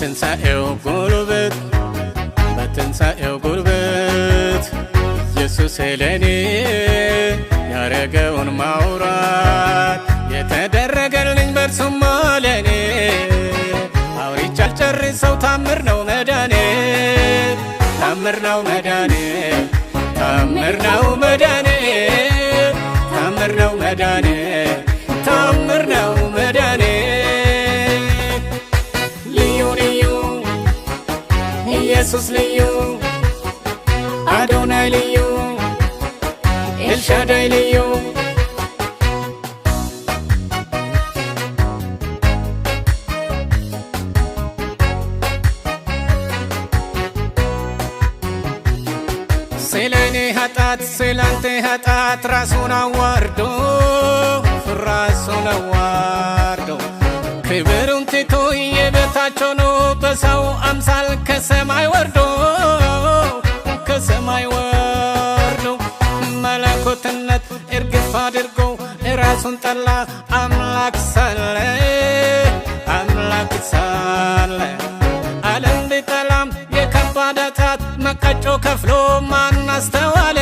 በትንሣኤው ጉልበት በትንሣኤው ጉልበት ኢየሱስ ለኔ ያረገውን ማውራት የተደረገልኝ በርሱማ ለኔ አውርቻ አልጨርሰው ታምር ነው መዳኔ ታምር ነው መዳኔ ታምር ነው መዳኔ ታምር ነው መዳኔ ኢየሱስ ልዩ አዶናይ ልዩ ኤልሻዳይ ልዩ ስለ እኔ ኃጢአት ስለ ራሱን አዋርዶ ራሱን አዋርዶ ክብሩን ትቶ የበታቸው ነው በሰው አምሳል ከሰ የማይወርደው መለኮትነት እርግፍ አድርጎ ራሱን ጠላ አምላክ ሳለ አምላክ ሳለ ዓለም ቢጠላም የከባዳታት መቀጮ ከፍሎ ማናስተዋል